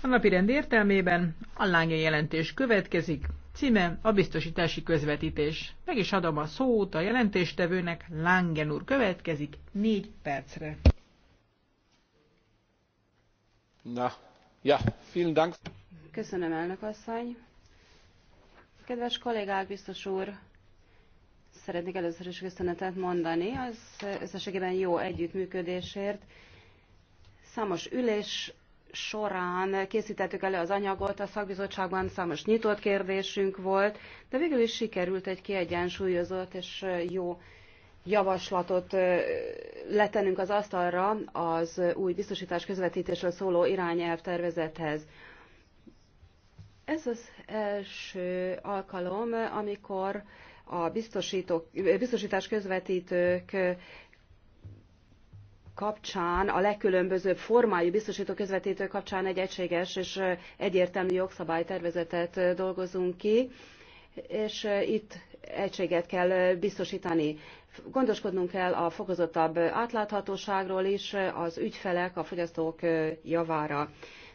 A napi rend értelmében a lánya jelentés következik. Címe a biztosítási közvetítés. Meg is adom a szót a jelentéstevőnek, Langen úr következik négy percre. Na, ja, vielen Dank. Köszönöm, elnök asszony. Kedves kollégák, biztos úr, szeretnék először is köszönetet mondani az összességében jó együttműködésért, Számos ülés során készítettük elő az anyagot, a szakbizottságban számos nyitott kérdésünk volt, de végül is sikerült egy kiegyensúlyozott és jó javaslatot letennünk az asztalra az új biztosítás közvetítésről szóló irányelv tervezethez. Ez az első alkalom, amikor a biztosító, biztosítás közvetítők kapcsán, a legkülönbözőbb formájú biztosító közvetítő kapcsán egy egységes és egyértelmű jogszabálytervezetet dolgozunk ki, és itt egységet kell biztosítani. Gondoskodnunk kell a fokozottabb átláthatóságról is az ügyfelek, a fogyasztók javára.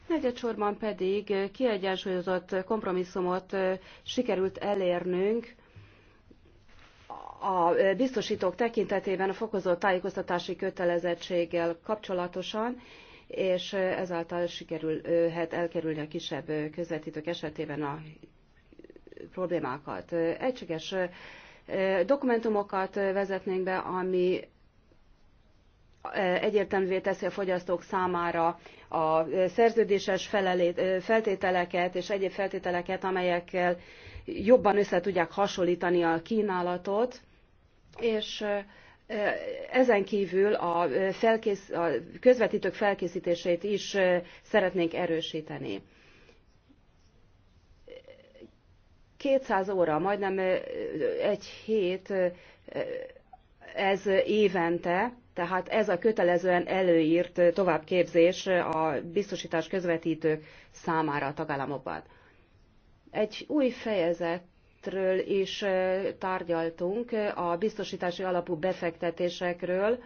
Negyedsorban pedig kiegyensúlyozott kompromisszumot sikerült elérnünk a biztosítók tekintetében a fokozott tájékoztatási kötelezettséggel kapcsolatosan, és ezáltal sikerülhet elkerülni a kisebb közvetítők esetében a problémákat. Egységes dokumentumokat vezetnénk be, ami egyértelművé teszi a fogyasztók számára a szerződéses felelét, feltételeket és egyéb feltételeket, amelyekkel jobban össze tudják hasonlítani a kínálatot, és ezen kívül a, felkész, a közvetítők felkészítését is szeretnénk erősíteni. 200 óra, majdnem egy hét ez évente, tehát ez a kötelezően előírt továbbképzés a biztosítás közvetítők számára a tagállamokban. Egy új fejezetről is tárgyaltunk, a biztosítási alapú befektetésekről.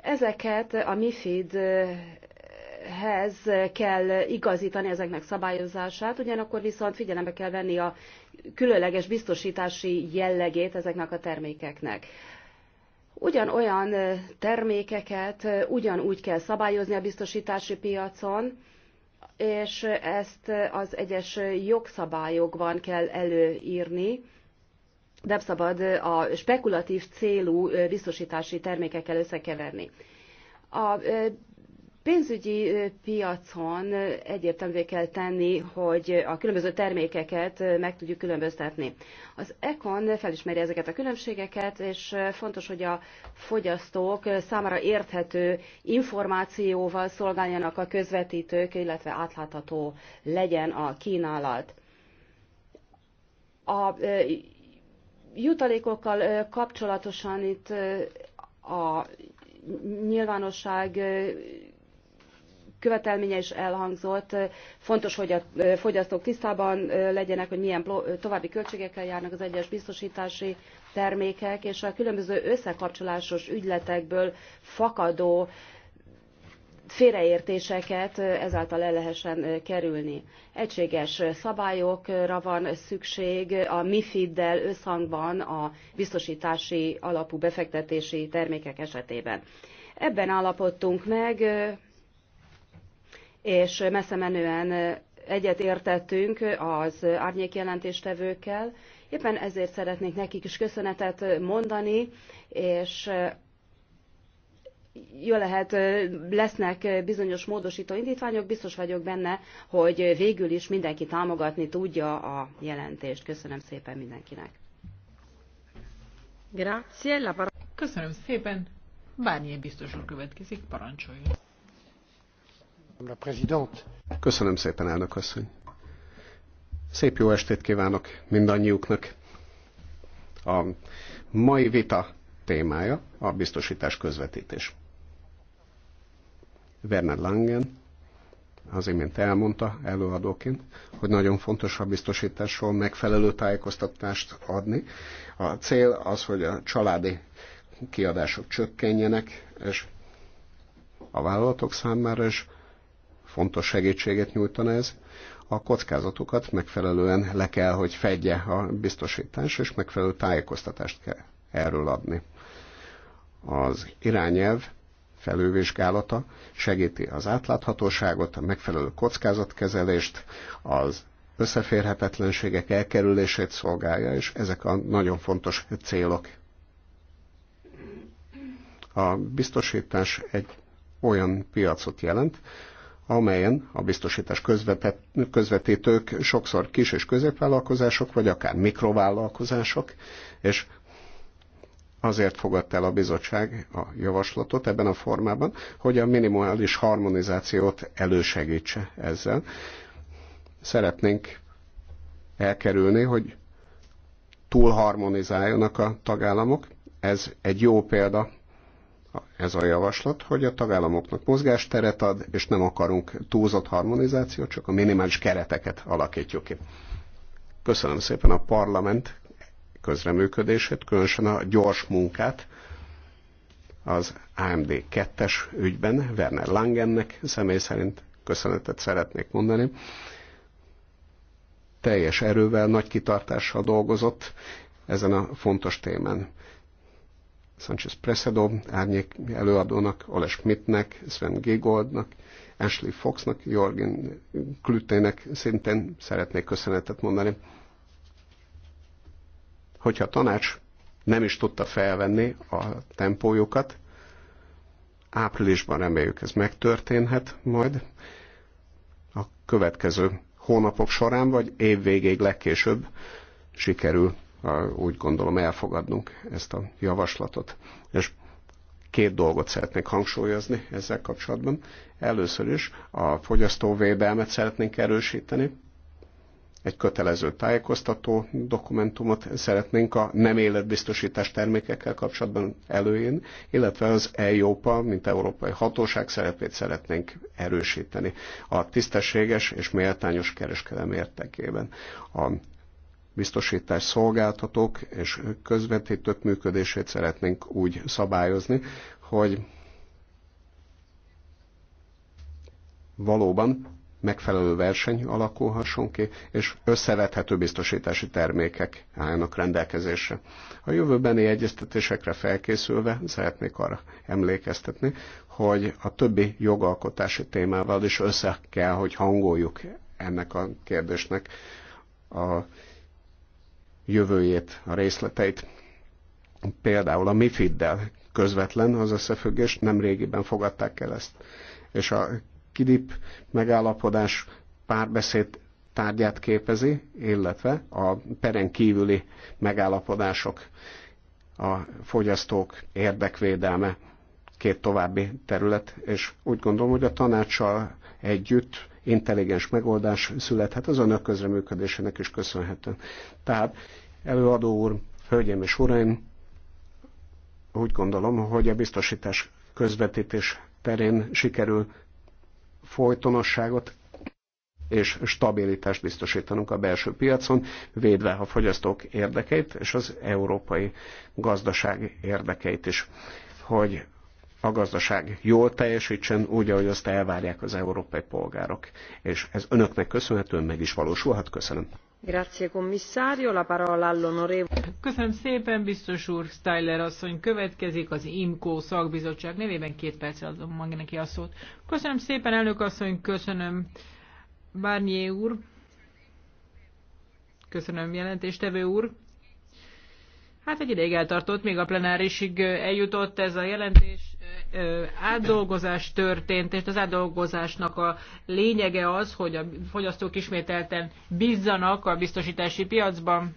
Ezeket a MIFID hez kell igazítani ezeknek szabályozását, ugyanakkor viszont figyelembe kell venni a különleges biztosítási jellegét ezeknek a termékeknek. Ugyanolyan termékeket ugyanúgy kell szabályozni a biztosítási piacon, és ezt az egyes jogszabályokban kell előírni. Nem szabad a spekulatív célú biztosítási termékekkel összekeverni. A pénzügyi piacon egyértelművé kell tenni, hogy a különböző termékeket meg tudjuk különböztetni. Az Econ felismeri ezeket a különbségeket, és fontos, hogy a fogyasztók számára érthető információval szolgáljanak a közvetítők, illetve átlátható legyen a kínálat. A jutalékokkal kapcsolatosan itt a nyilvánosság követelménye is elhangzott. Fontos, hogy a fogyasztók tisztában legyenek, hogy milyen további költségekkel járnak az egyes biztosítási termékek, és a különböző összekapcsolásos ügyletekből fakadó félreértéseket ezáltal el lehessen kerülni. Egységes szabályokra van szükség a MIFID-del összhangban a biztosítási alapú befektetési termékek esetében. Ebben állapodtunk meg, és messze menően egyet értettünk az árnyék jelentéstevőkkel. Éppen ezért szeretnék nekik is köszönetet mondani, és jó lehet, lesznek bizonyos módosító indítványok, biztos vagyok benne, hogy végül is mindenki támogatni tudja a jelentést. Köszönöm szépen mindenkinek. Köszönöm szépen. Bármilyen biztos úr következik, parancsoljon. Köszönöm szépen, elnök asszony. Szép jó estét kívánok mindannyiuknak. A mai vita témája a biztosítás közvetítés. Werner Langen az imént elmondta előadóként, hogy nagyon fontos a biztosításról megfelelő tájékoztatást adni. A cél az, hogy a családi kiadások csökkenjenek, és a vállalatok számára is fontos segítséget nyújtana ez. A kockázatokat megfelelően le kell, hogy fedje a biztosítás, és megfelelő tájékoztatást kell erről adni. Az irányelv felővizsgálata segíti az átláthatóságot, a megfelelő kockázatkezelést, az összeférhetetlenségek elkerülését szolgálja, és ezek a nagyon fontos célok. A biztosítás egy olyan piacot jelent, amelyen a biztosítás közvetet, közvetítők sokszor kis és középvállalkozások, vagy akár mikrovállalkozások, és azért fogadta el a bizottság a javaslatot ebben a formában, hogy a minimális harmonizációt elősegítse ezzel. Szeretnénk elkerülni, hogy túlharmonizáljanak a tagállamok. Ez egy jó példa ez a javaslat, hogy a tagállamoknak mozgásteret ad, és nem akarunk túlzott harmonizációt, csak a minimális kereteket alakítjuk ki. Köszönöm szépen a parlament közreműködését, különösen a gyors munkát az AMD 2-es ügyben Werner Langennek személy szerint köszönetet szeretnék mondani. Teljes erővel, nagy kitartással dolgozott ezen a fontos témán. Sanchez Presedo árnyék előadónak, Ole Schmidtnek, Sven Gigoldnak, Ashley Foxnak, Jorgen Klüttének szintén szeretnék köszönetet mondani. Hogyha a tanács nem is tudta felvenni a tempójukat, áprilisban reméljük ez megtörténhet majd, a következő hónapok során, vagy év végéig legkésőbb sikerül úgy gondolom elfogadnunk ezt a javaslatot. És két dolgot szeretnék hangsúlyozni ezzel kapcsolatban. Először is a fogyasztóvédelmet szeretnénk erősíteni, egy kötelező tájékoztató dokumentumot szeretnénk a nem életbiztosítás termékekkel kapcsolatban előírni, illetve az EIOPA, mint Európai Hatóság szerepét szeretnénk erősíteni a tisztességes és méltányos kereskedelem értekében. A biztosítás szolgáltatók és közvetítők működését szeretnénk úgy szabályozni, hogy valóban megfelelő verseny alakulhasson ki, és összevethető biztosítási termékek álljanak rendelkezésre. A jövőbeni egyeztetésekre felkészülve szeretnék arra emlékeztetni, hogy a többi jogalkotási témával is össze kell, hogy hangoljuk ennek a kérdésnek a jövőjét, a részleteit. Például a MIFID-del közvetlen az összefüggés, nem régiben fogadták el ezt. És a KIDIP megállapodás párbeszéd tárgyát képezi, illetve a peren kívüli megállapodások, a fogyasztók érdekvédelme két további terület, és úgy gondolom, hogy a tanácssal együtt intelligens megoldás születhet az önök közreműködésének is köszönhető. Tehát előadó úr, hölgyeim és uraim, úgy gondolom, hogy a biztosítás közvetítés terén sikerül folytonosságot és stabilitást biztosítanunk a belső piacon, védve a fogyasztók érdekeit és az európai gazdaság érdekeit is, hogy a gazdaság jól teljesítsen, úgy, ahogy azt elvárják az európai polgárok. És ez önöknek köszönhetően meg is valósulhat. Köszönöm. Grazie, commissario. La parola all'onorevole. Köszönöm szépen, biztos úr. Steyler asszony következik az IMCO szakbizottság nevében. Két perc adom meg neki a szót. Köszönöm szépen, elnök asszony. Köszönöm, Barnier úr. Köszönöm, jelentéstevő úr Hát egy ideig eltartott, még a plenárisig eljutott ez a jelentés, átdolgozás történt, és az átdolgozásnak a lényege az, hogy a fogyasztók ismételten bízzanak a biztosítási piacban.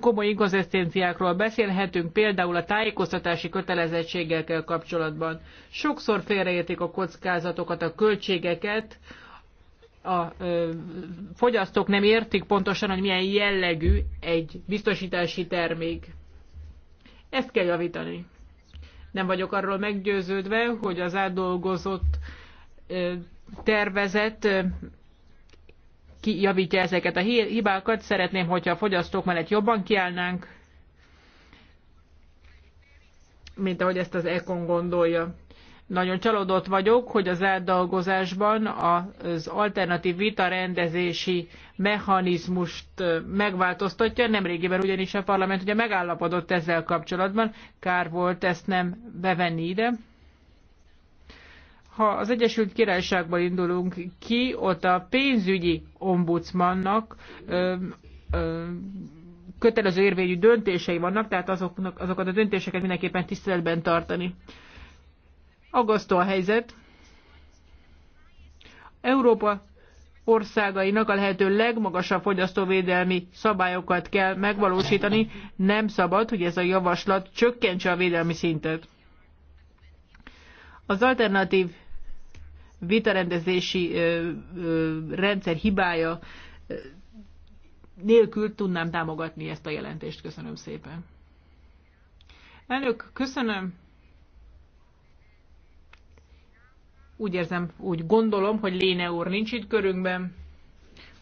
Komoly inkonzisztenciákról beszélhetünk, például a tájékoztatási kötelezettségekkel kapcsolatban. Sokszor félreértik a kockázatokat, a költségeket, a fogyasztók nem értik pontosan, hogy milyen jellegű egy biztosítási termék. Ezt kell javítani. Nem vagyok arról meggyőződve, hogy az átdolgozott tervezet javítja ezeket a hibákat. Szeretném, hogyha a fogyasztók mellett jobban kiállnánk, mint ahogy ezt az Econ gondolja. Nagyon csalódott vagyok, hogy az átdolgozásban az alternatív vita rendezési mechanizmust megváltoztatja. Nemrégiben ugyanis a parlament ugye megállapodott ezzel kapcsolatban. Kár volt ezt nem bevenni ide. Ha az Egyesült Királyságból indulunk ki, ott a pénzügyi ombudsmannak ö, ö, kötelező érvényű döntései vannak, tehát azoknak, azokat a döntéseket mindenképpen tiszteletben tartani. Aggasztó a helyzet. Európa országainak a lehető legmagasabb fogyasztóvédelmi szabályokat kell megvalósítani. Nem szabad, hogy ez a javaslat csökkentse a védelmi szintet. Az alternatív vitarendezési ö, ö, rendszer hibája ö, nélkül tudnám támogatni ezt a jelentést. Köszönöm szépen. Elnök, köszönöm. Úgy érzem, úgy gondolom, hogy Léne úr nincs itt körünkben.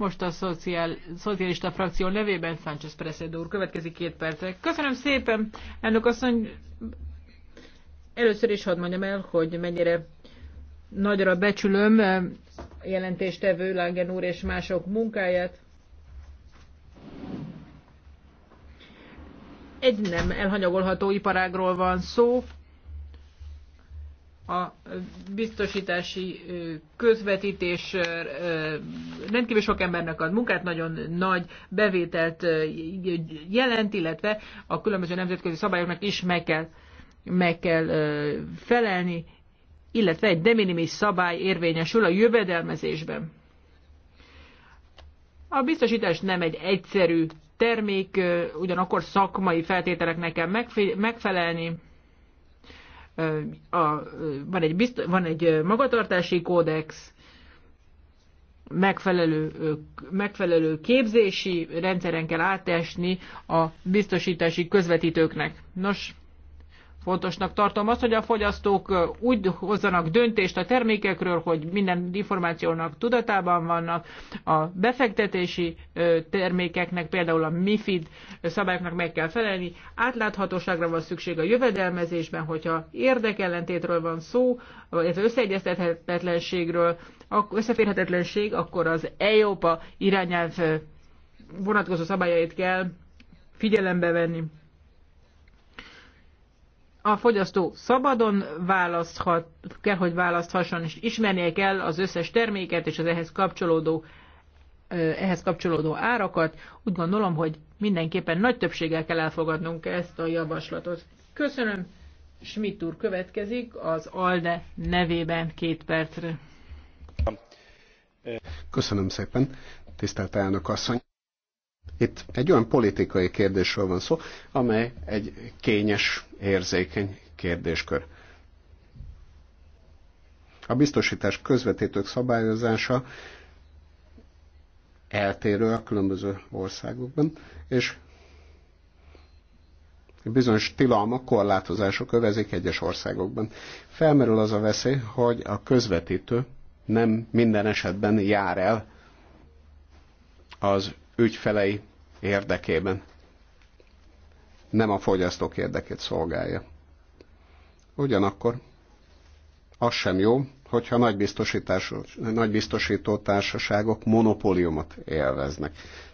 Most a szociál, szocialista frakció nevében Sánchez Presedo úr következik két perce. Köszönöm szépen, elnök asszony. Először is hadd mondjam el, hogy mennyire nagyra becsülöm eh, jelentéstevő Langen úr és mások munkáját. Egy nem elhanyagolható iparágról van szó, a biztosítási közvetítés rendkívül sok embernek ad munkát, nagyon nagy bevételt jelent, illetve a különböző nemzetközi szabályoknak is meg kell, meg kell felelni, illetve egy de minimis szabály érvényesül a jövedelmezésben. A biztosítás nem egy egyszerű termék, ugyanakkor szakmai feltételeknek kell megfelelni, a, van, egy bizt, van egy magatartási kódex, megfelelő, megfelelő képzési rendszeren kell átesni a biztosítási közvetítőknek. Nos, Fontosnak tartom azt, hogy a fogyasztók úgy hozzanak döntést a termékekről, hogy minden információnak tudatában vannak. A befektetési termékeknek, például a MIFID szabályoknak meg kell felelni. Átláthatóságra van szükség a jövedelmezésben, hogyha érdekellentétről van szó, vagy összeegyeztethetetlenségről, összeférhetetlenség, akkor az EIOPA irányelv vonatkozó szabályait kell figyelembe venni a fogyasztó szabadon választhat, kell, hogy választhasson, és ismernie kell az összes terméket és az ehhez kapcsolódó, ehhez kapcsolódó árakat. Úgy gondolom, hogy mindenképpen nagy többséggel kell elfogadnunk ezt a javaslatot. Köszönöm. Schmidt úr következik az ALDE nevében két percre. Köszönöm szépen, tisztelt elnök asszony. Itt egy olyan politikai kérdésről van szó, amely egy kényes, érzékeny kérdéskör. A biztosítás közvetítők szabályozása eltérő a különböző országokban, és bizonyos tilalmak, korlátozások övezik egyes országokban. Felmerül az a veszély, hogy a közvetítő nem minden esetben jár el az ügyfelei érdekében. Nem a fogyasztók érdekét szolgálja. Ugyanakkor az sem jó, hogyha nagy, nagy biztosító társaságok monopóliumot élveznek.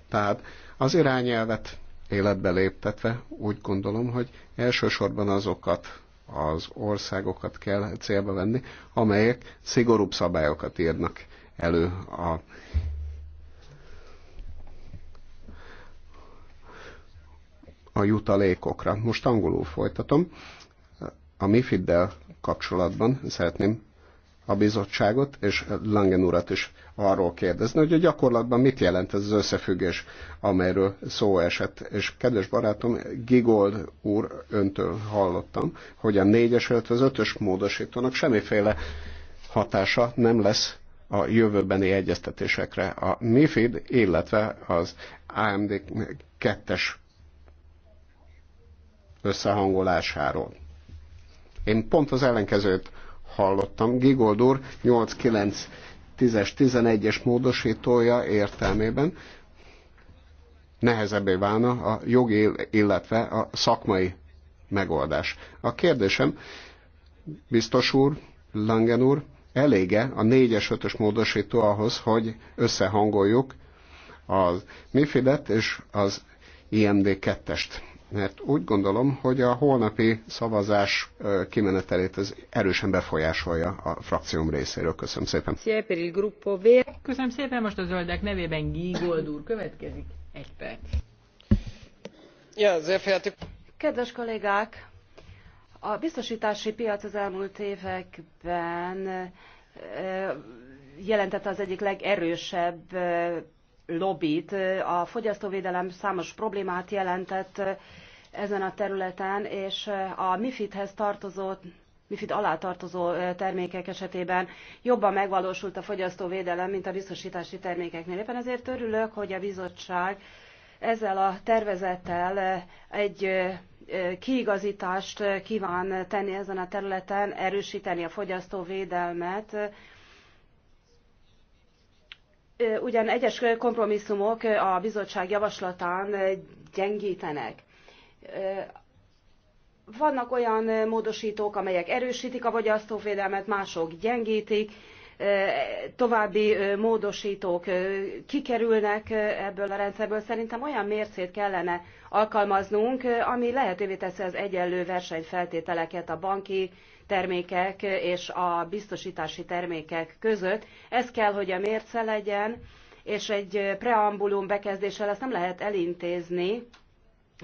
Tehát az irányelvet életbe léptetve úgy gondolom, hogy elsősorban azokat az országokat kell célba venni, amelyek szigorúbb szabályokat írnak elő a a jutalékokra. Most angolul folytatom. A MIFID-del kapcsolatban szeretném a bizottságot, és Langen urat is arról kérdezni, hogy a gyakorlatban mit jelent ez az összefüggés, amelyről szó esett. És kedves barátom, Gigold úr, öntől hallottam, hogy a négyes, illetve az ötös módosítónak semmiféle hatása nem lesz a jövőbeni egyeztetésekre. A MIFID, illetve az AMD kettes összehangolásáról. Én pont az ellenkezőt hallottam. Gigold úr 8-9 10-es, 11-es módosítója értelmében nehezebbé válna a jogi, illetve a szakmai megoldás. A kérdésem, biztos úr, Langen úr, elége a 4-es, 5-ös módosító ahhoz, hogy összehangoljuk az Mifidet és az IMD 2-est mert úgy gondolom, hogy a holnapi szavazás kimenetelét ez erősen befolyásolja a frakcióm részéről. Köszönöm szépen. Köszönöm szépen, most a zöldek nevében Gígold úr következik. Egy perc. Kedves kollégák, a biztosítási piac az elmúlt években jelentette az egyik legerősebb lobbit. A fogyasztóvédelem számos problémát jelentett eh, ezen a területen, és eh, a MIFID-hez tartozó MIFID alá tartozó eh, termékek esetében jobban megvalósult a fogyasztóvédelem, mint a biztosítási termékeknél. Éppen ezért örülök, hogy a bizottság ezzel a tervezettel egy kiigazítást kíván tenni ezen a területen, erősíteni a fogyasztóvédelmet, ugyan egyes kompromisszumok a bizottság javaslatán gyengítenek. Vannak olyan módosítók, amelyek erősítik a fogyasztóvédelmet, mások gyengítik, további módosítók kikerülnek ebből a rendszerből. Szerintem olyan mércét kellene alkalmaznunk, ami lehetővé teszi az egyenlő versenyfeltételeket a banki termékek és a biztosítási termékek között. Ez kell, hogy a mérce legyen, és egy preambulum bekezdéssel ezt nem lehet elintézni,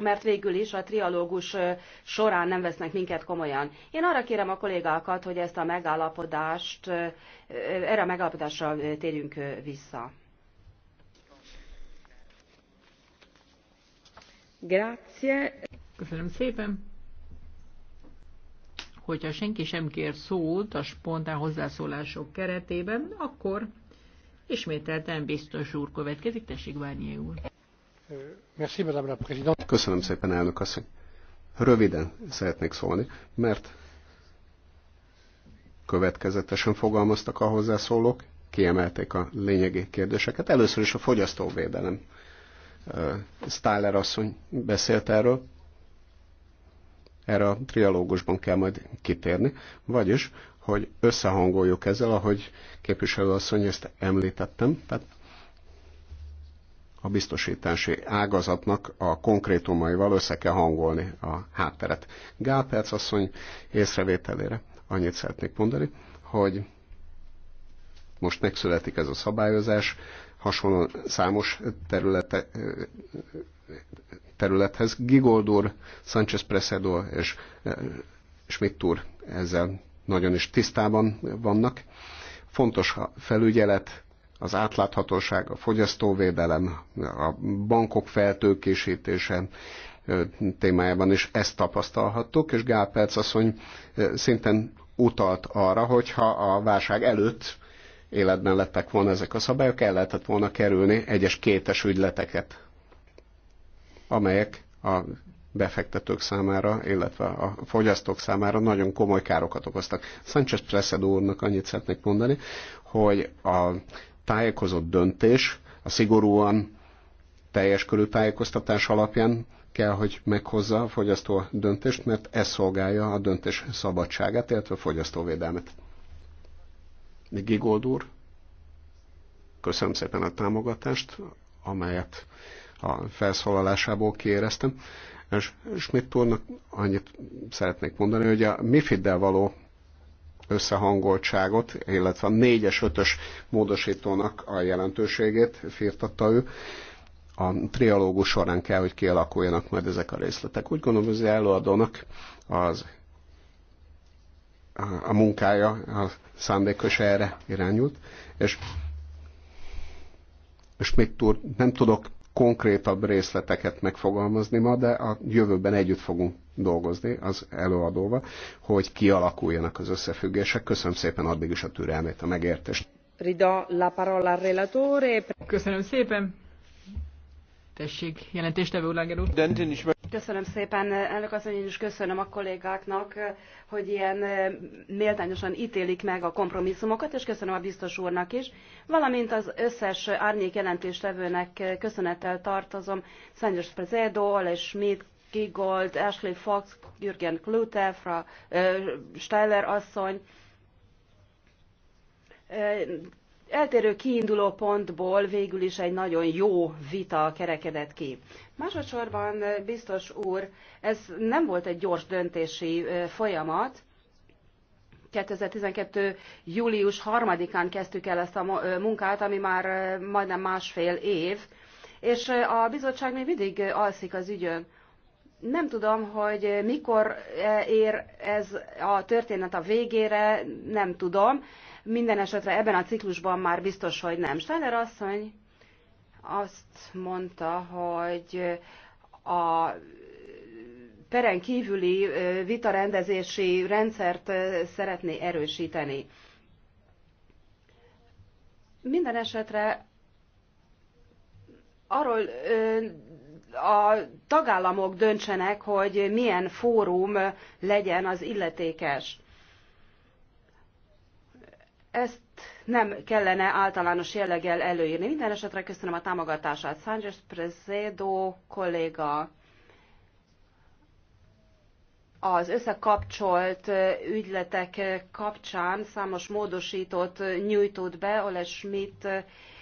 mert végül is a trialógus során nem vesznek minket komolyan. Én arra kérem a kollégákat, hogy ezt a megállapodást, erre a megállapodásra térjünk vissza. Grazie. Köszönöm szépen hogyha senki sem kér szót a spontán hozzászólások keretében, akkor ismételten biztos úr következik. Tessék, Várnyé úr. Köszönöm szépen, elnök asszony. Röviden szeretnék szólni, mert következetesen fogalmaztak a hozzászólók, kiemelték a lényegi kérdéseket. Először is a fogyasztóvédelem. Stáler asszony beszélt erről, erre a trialógusban kell majd kitérni, vagyis, hogy összehangoljuk ezzel, ahogy képviselőasszony ezt említettem, tehát a biztosítási ágazatnak a konkrétumaival össze kell hangolni a hátteret. Gál Perc asszony észrevételére annyit szeretnék mondani, hogy most megszületik ez a szabályozás, hasonló számos területe, területhez. Gigoldor, Sanchez Presedo és Schmittur ezzel nagyon is tisztában vannak. Fontos a felügyelet, az átláthatóság, a fogyasztóvédelem, a bankok feltőkésítése témájában is ezt tapasztalhattuk, és Gál Perc asszony szinten utalt arra, hogyha a válság előtt életben lettek volna ezek a szabályok, el lehetett volna kerülni egyes kétes ügyleteket, amelyek a befektetők számára, illetve a fogyasztók számára nagyon komoly károkat okoztak. Sanchez Presedo úrnak annyit szeretnék mondani, hogy a tájékozott döntés a szigorúan teljes körű tájékoztatás alapján kell, hogy meghozza a fogyasztó döntést, mert ez szolgálja a döntés szabadságát, illetve a fogyasztóvédelmet. Gigold úr, köszönöm szépen a támogatást, amelyet a felszólalásából kiéreztem. És Schmidt úrnak annyit szeretnék mondani, hogy a MIFID-del való összehangoltságot, illetve a 4-es, 5-ös módosítónak a jelentőségét firtatta ő. A trialógus során kell, hogy kialakuljanak majd ezek a részletek. Úgy gondolom, hogy az előadónak az a munkája a szándékos erre irányult, és még túl, nem tudok konkrétabb részleteket megfogalmazni ma, de a jövőben együtt fogunk dolgozni az előadóval, hogy kialakuljanak az összefüggések. Köszönöm szépen addig is a türelmét, a megértést. Rida la parola relatore. Köszönöm szépen. Tessék, jelentéstevő úr, Köszönöm szépen, elnök asszony, én is köszönöm a kollégáknak, hogy ilyen méltányosan ítélik meg a kompromisszumokat, és köszönöm a biztos úrnak is, valamint az összes árnyék jelentéstevőnek köszönettel tartozom, Szányos Prezédo, és Schmidt, Gigold, Ashley Fox, Jürgen Klute, Fra, Steiler asszony, eltérő kiinduló pontból végül is egy nagyon jó vita kerekedett ki. Másodszorban, biztos úr, ez nem volt egy gyors döntési folyamat, 2012. július 3-án kezdtük el ezt a munkát, ami már majdnem másfél év, és a bizottság még mindig alszik az ügyön. Nem tudom, hogy mikor ér ez a történet a végére, nem tudom, minden esetre ebben a ciklusban már biztos, hogy nem. Steiner asszony azt mondta, hogy a peren kívüli vitarendezési rendszert szeretné erősíteni. Minden esetre arról a tagállamok döntsenek, hogy milyen fórum legyen az illetékes. Ezt nem kellene általános jelleggel előírni. Minden esetre köszönöm a támogatását. Sánchez Prezedo kolléga az összekapcsolt ügyletek kapcsán számos módosítót nyújtott be, Ole Schmidt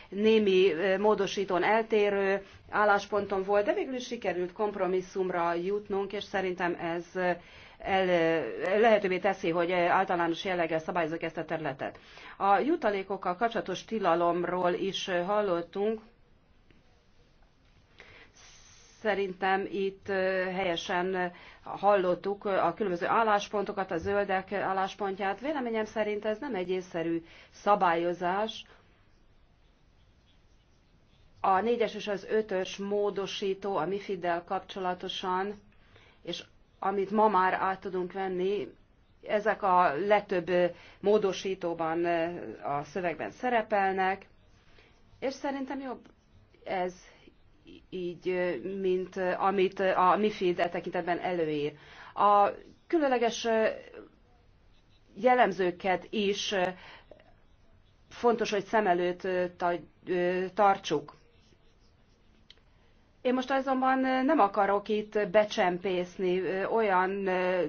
némi módosítón eltérő állásponton volt, de végül is sikerült kompromisszumra jutnunk, és szerintem ez el, lehetővé teszi, hogy általános jelleggel szabályozok ezt a területet. A jutalékokkal kapcsolatos tilalomról is hallottunk. Szerintem itt helyesen hallottuk a különböző álláspontokat, a zöldek álláspontját. Véleményem szerint ez nem egy észszerű szabályozás, a négyes és az ötös módosító a MIFID-del kapcsolatosan, és amit ma már át tudunk venni, ezek a legtöbb módosítóban a szövegben szerepelnek, és szerintem jobb ez így, mint amit a MIFID e tekintetben előír. A különleges jellemzőket is fontos, hogy szem előtt tartsuk. Én most azonban nem akarok itt becsempészni olyan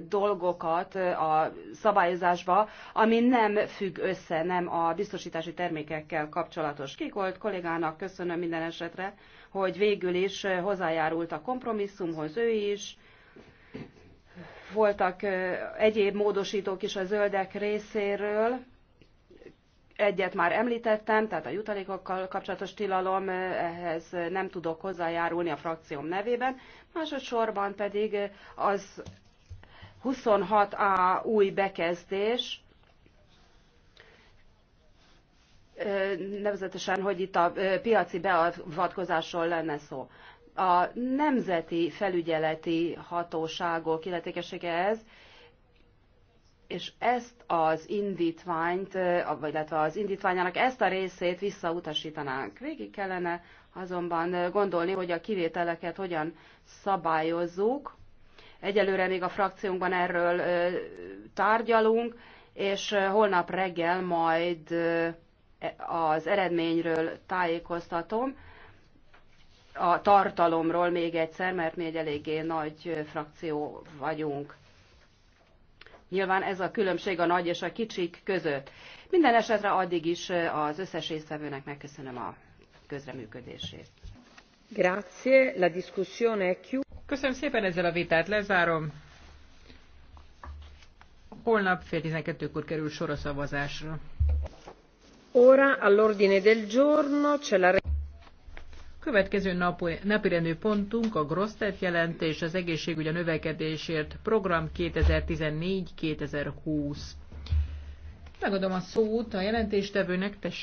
dolgokat a szabályozásba, ami nem függ össze, nem a biztosítási termékekkel kapcsolatos. Kikolt kollégának köszönöm minden esetre, hogy végül is hozzájárult a kompromisszumhoz ő is. Voltak egyéb módosítók is a zöldek részéről Egyet már említettem, tehát a jutalékokkal kapcsolatos tilalom, eh, ehhez nem tudok hozzájárulni a frakcióm nevében. Másodszorban pedig az 26A új bekezdés, eh, nevezetesen, hogy itt a eh, piaci beavatkozásról lenne szó. A nemzeti felügyeleti hatóságok illetékesége ez, és ezt az indítványt, vagy illetve az indítványának ezt a részét visszautasítanánk. Végig kellene azonban gondolni, hogy a kivételeket hogyan szabályozzuk. Egyelőre még a frakciónkban erről tárgyalunk, és holnap reggel majd e- az eredményről tájékoztatom, a tartalomról még egyszer, mert mi egy eléggé nagy frakció vagyunk. Nyilván ez a különbség a nagy és a kicsik között. Minden esetre addig is az összes résztvevőnek megköszönöm a közreműködését. Grazie, la discussione è chiusa. Köszönöm szépen, ezzel a vitát lezárom. Holnap fél 12-kor kerül sor a szavazásra. Ora all'ordine del giorno c'è la Következő napirendő pontunk a Grosztet jelentés az egészségügy a növekedésért program 2014-2020. Megadom a szót a jelentéstevőnek, tessék.